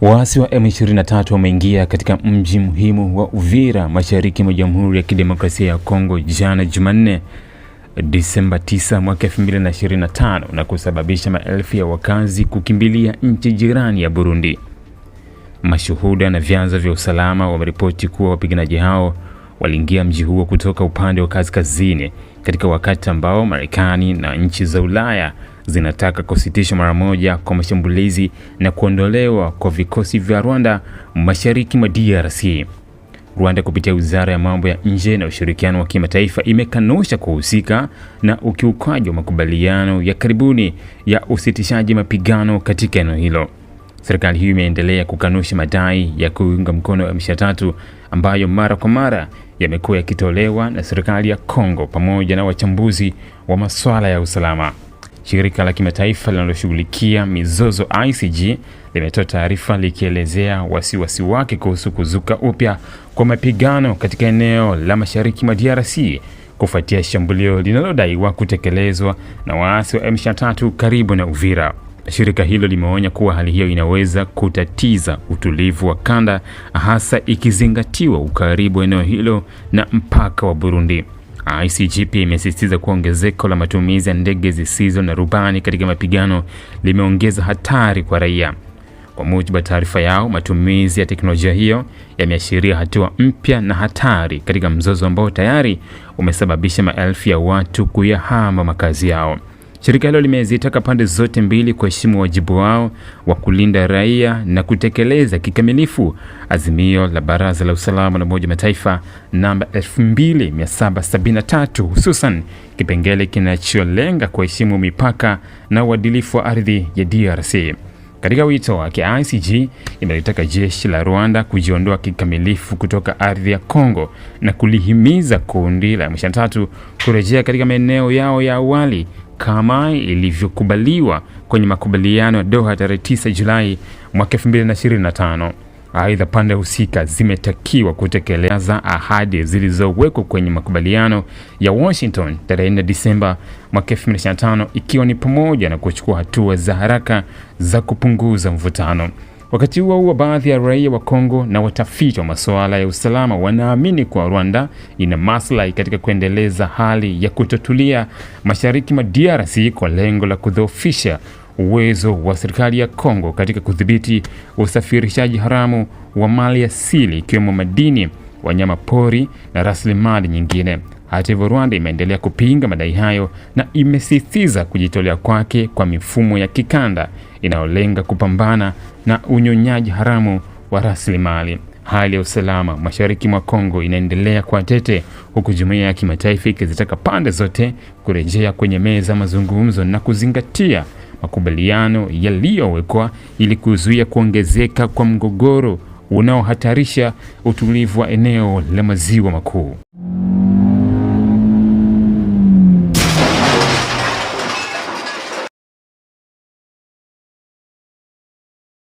Waasi wa M23 wameingia katika mji muhimu wa Uvira mashariki mwa Jamhuri ya Kidemokrasia ya Kongo jana Jumanne Disemba 9 mwaka 2025 na kusababisha maelfu ya wakazi kukimbilia nchi jirani ya Burundi. Mashuhuda na vyanzo vya usalama wameripoti kuwa wapiganaji hao waliingia mji huo kutoka upande wa kaskazini katika wakati ambao Marekani na nchi za Ulaya zinataka kusitishwa mara moja kwa mashambulizi na kuondolewa kwa vikosi vya Rwanda mashariki mwa DRC. Rwanda kupitia Wizara ya Mambo ya Nje na Ushirikiano wa Kimataifa imekanusha kuhusika na ukiukaji wa makubaliano ya karibuni ya usitishaji mapigano katika eneo hilo. Serikali hiyo imeendelea kukanusha madai ya kuunga mkono M23 ambayo mara kwa mara yamekuwa yakitolewa na serikali ya Kongo pamoja na wachambuzi wa masuala ya usalama. Shirika la kimataifa linaloshughulikia mizozo ICG limetoa taarifa likielezea wasiwasi wake kuhusu kuzuka upya kwa mapigano katika eneo la mashariki mwa DRC kufuatia shambulio linalodaiwa kutekelezwa na waasi wa M23 karibu na Uvira. Shirika hilo limeonya kuwa hali hiyo inaweza kutatiza utulivu wa kanda, hasa ikizingatiwa ukaribu wa eneo hilo na mpaka wa Burundi. Ah, icgp imesisitiza kuwa ongezeko la matumizi ya ndege zisizo na rubani katika mapigano limeongeza hatari kwa raia. Kwa mujibu wa taarifa yao, matumizi ya teknolojia hiyo yameashiria hatua mpya na hatari katika mzozo ambao tayari umesababisha maelfu ya watu kuyahama makazi yao. Shirika hilo limezitaka pande zote mbili kuheshimu wajibu wao wa kulinda raia na kutekeleza kikamilifu azimio la Baraza la Usalama la Umoja Mataifa namba 2773 hususan kipengele kinacholenga kuheshimu mipaka na uadilifu wa ardhi ya DRC. Katika wito wake, ICG imelitaka jeshi la Rwanda kujiondoa kikamilifu kutoka ardhi ya Kongo na kulihimiza kundi la M23 kurejea katika maeneo yao ya awali kama ilivyokubaliwa kwenye makubaliano ya Doha tarehe 9 Julai mwaka 2025. Aidha, pande husika zimetakiwa kutekeleza ahadi zilizowekwa kwenye makubaliano ya Washington tarehe 4 Disemba mwaka 2025, ikiwa ni pamoja na kuchukua hatua za haraka za kupunguza mvutano. Wakati huo huo, baadhi ya raia wa Kongo na watafiti wa masuala ya usalama wanaamini kuwa Rwanda ina maslahi katika kuendeleza hali ya kutotulia mashariki mwa DRC kwa lengo la kudhoofisha uwezo wa serikali ya Kongo katika kudhibiti usafirishaji haramu wa mali asili ikiwemo madini, wanyama pori na rasilimali nyingine. Hata hivyo, Rwanda imeendelea kupinga madai hayo na imesisitiza kujitolea kwake kwa mifumo ya kikanda inayolenga kupambana na unyonyaji haramu wa rasilimali. Hali ya usalama mashariki mwa Kongo inaendelea kwa tete, huku jumuiya ya kimataifa ikizitaka pande zote kurejea kwenye meza mazungumzo na kuzingatia makubaliano yaliyowekwa ili kuzuia kuongezeka kwa mgogoro unaohatarisha utulivu wa eneo la maziwa makuu.